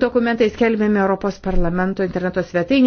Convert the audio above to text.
dokumentai skelbiami Europos parlamento interneto svetainė.